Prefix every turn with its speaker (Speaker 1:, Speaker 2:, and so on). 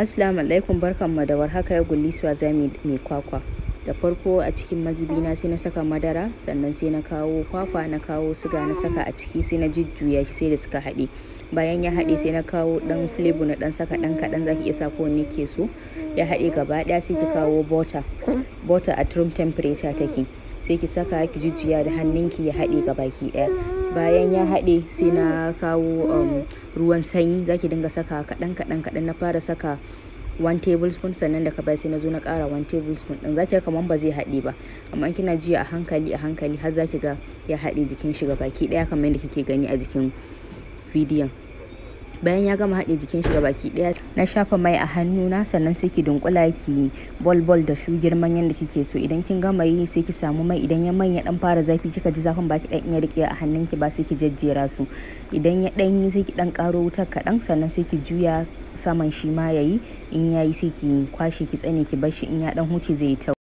Speaker 1: Assalamu alaikum barkanmu da warhaka ya gulli azami mai kwakwa. Da farko a cikin mazubi na sai na saka madara sannan sai na kawo kwakwa na kawo suga na saka a ciki sai na jujjuya shi sai da suka haɗe. Bayan ya haɗe sai na kawo ɗan flavor na ɗan saka ɗan kaɗan zaki iya sa kowanne ke so. Ya haɗe gaba ɗaya sai ki kawo butter. Butter at room temperature take. sai ki saka ki jujjuya da hannunki ya haɗe ki ɗaya bayan ya haɗe sai na kawo um, ruwan sanyi zaki dinga saka kaɗan kaɗan kaɗan na fara saka 1 tablespoon sannan ka baya sai na zo na ƙara 1 tablespoon ɗin zaki ga kaman ba zai haɗe ba amma kina juya a hankali a hankali har zaki ga ya haɗe jikin shiga baki ɗaya kamar yadda kike gani a jikin bidiyon bayan ya gama haɗe jikin shi baki ɗaya na shafa mai a na sannan sai ki dunkula ki bol bol da su girman yadda kike so idan kin gama yi sai ki samu mai idan ya manya dan fara zafi kika ji zafin baki ɗan ya rike a hannunki ba sai ki jejjera su idan ya ɗan yi sai ki ɗan karo wutar kaɗan sannan sai ki juya saman shi ma yayi in yayi sai ki kwashe ki tsane ki bar shi in ya ɗan huce zai yi